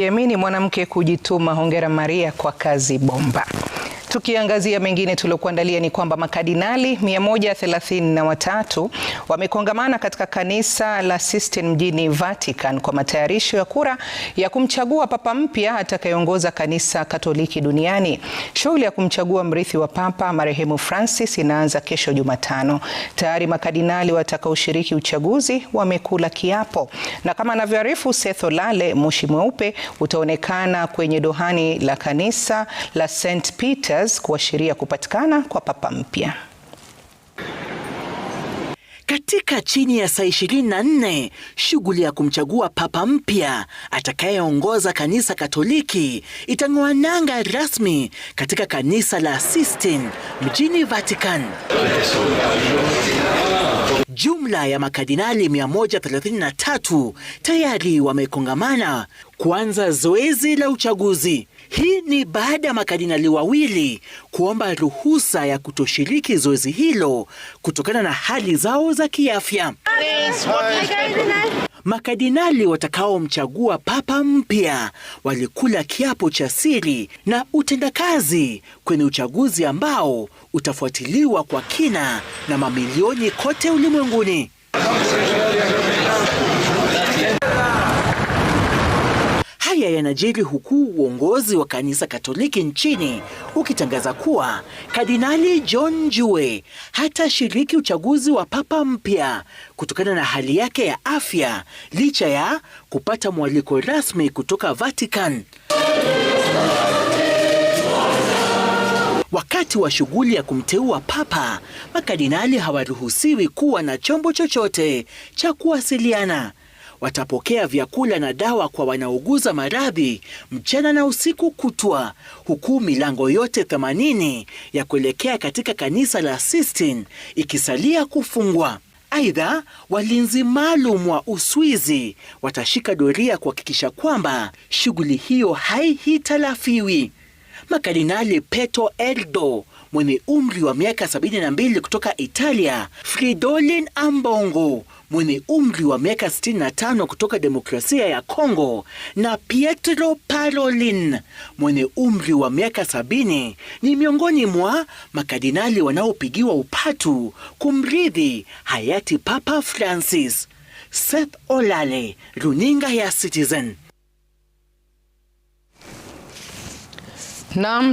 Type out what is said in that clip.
Yamini mwanamke kujituma. Hongera Maria kwa kazi bomba. Tukiangazia mengine tuliokuandalia ni kwamba makadinali 133 wamekongamana katika kanisa la Sistine mjini Vatican kwa matayarisho ya kura ya kumchagua papa mpya atakayeongoza kanisa Katoliki duniani. Shughuli ya kumchagua mrithi wa papa marehemu Francis inaanza kesho Jumatano. Tayari makadinali watakaoshiriki uchaguzi wamekula kiapo, na kama anavyoarifu Seth Olale, moshi mweupe utaonekana kwenye dohani la kanisa la St Peter Reuters kuashiria kupatikana kwa papa mpya. Katika chini ya saa 24 shughuli ya kumchagua papa mpya atakayeongoza kanisa Katoliki itang'oa nanga rasmi katika kanisa la Sistine mjini Vatican. Jumla ya makadinali 133 tayari wamekongamana kuanza zoezi la uchaguzi. Hii ni baada ya makadinali wawili kuomba ruhusa ya kutoshiriki zoezi hilo kutokana na hali zao za kiafya makadinali watakaomchagua papa mpya walikula kiapo cha siri na utendakazi kwenye uchaguzi ambao utafuatiliwa kwa kina na mamilioni kote ulimwenguni. Haya yanajiri huku uongozi wa kanisa Katoliki nchini ukitangaza kuwa Kardinali John jue hatashiriki uchaguzi wa papa mpya kutokana na hali yake ya afya licha ya kupata mwaliko rasmi kutoka Vatican. Wakati wa shughuli ya kumteua papa, makardinali hawaruhusiwi kuwa na chombo chochote cha kuwasiliana watapokea vyakula na dawa kwa wanaouguza maradhi mchana na usiku kutwa, huku milango yote 80 ya kuelekea katika kanisa la Sistine ikisalia kufungwa. Aidha, walinzi maalum wa Uswizi watashika doria kuhakikisha kwamba shughuli hiyo haihitalafiwi. Makardinali peto Erdo mwenye umri wa miaka 72 kutoka Italia, Fridolin Ambongo mwenye umri wa miaka 65 kutoka demokrasia ya Kongo na Pietro Parolin mwenye umri wa miaka sabini ni miongoni mwa makadinali wanaopigiwa upatu kumrithi hayati Papa Francis. Seth Olale, runinga ya Citizen. Naam.